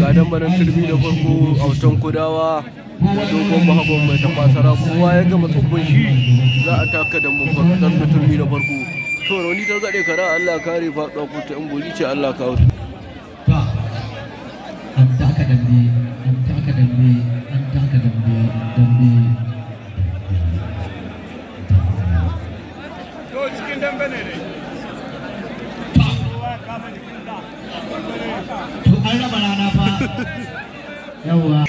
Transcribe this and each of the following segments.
gadon banan turbi da farko a wutan kudawa da dogon mahagon mai tafasara kowa ya gama tsoffin shi za a taka da da turbi da farko to rauni ta zaɗe kara allah kare faɗuwa ko ta goli ce allah kawo cikin dambe ne ne. an raba rana fa yawwa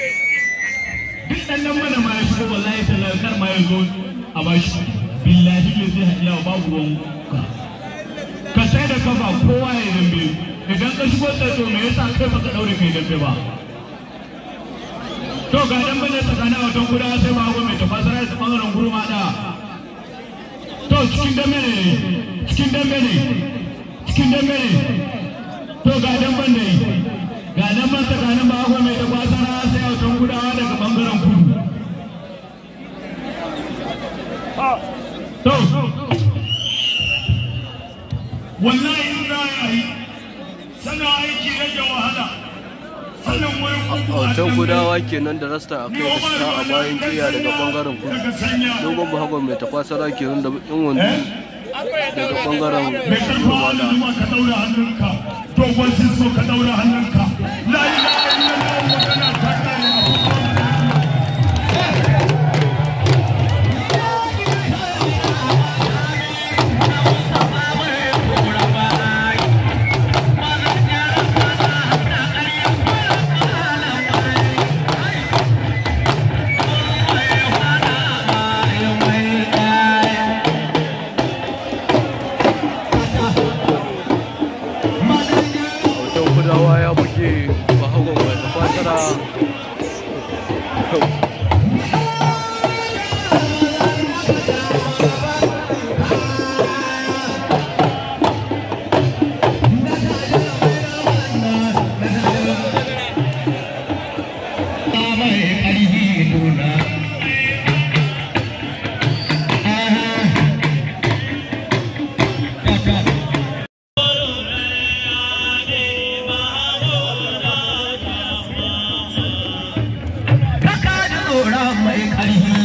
duk dan nan mana ma shi wallahi tallahi kar ma yazo a ba shi, billahi ne zai hadiya babu ruwan ka sai da kafa kowa ya dambe idan ka shigo tsatso me yasa kai baka daure kai dambe ba to ga dan bane tsakanin wajen guda sai ba mai tafasara ya bangaren gurma da to cikin dambe ne cikin dambe ne cikin dambe ne to ga dan ban da yi ga dan ban tsakanin ba hagu mai dagwa sana sai hautan gudawa daga bangaren kudu to wallahi in za a yi sana aiki rage wahala Hoton gudawa kenan da rasta a kai da a bayan jiya daga bangaren kudu dogon buhagon mai tafasara kenan da in wani eh? daga bangaren kudu fansisko ka daura hannunka 부와야요 보기 뭐 하고 그래서 빠져라 Thank you. عليه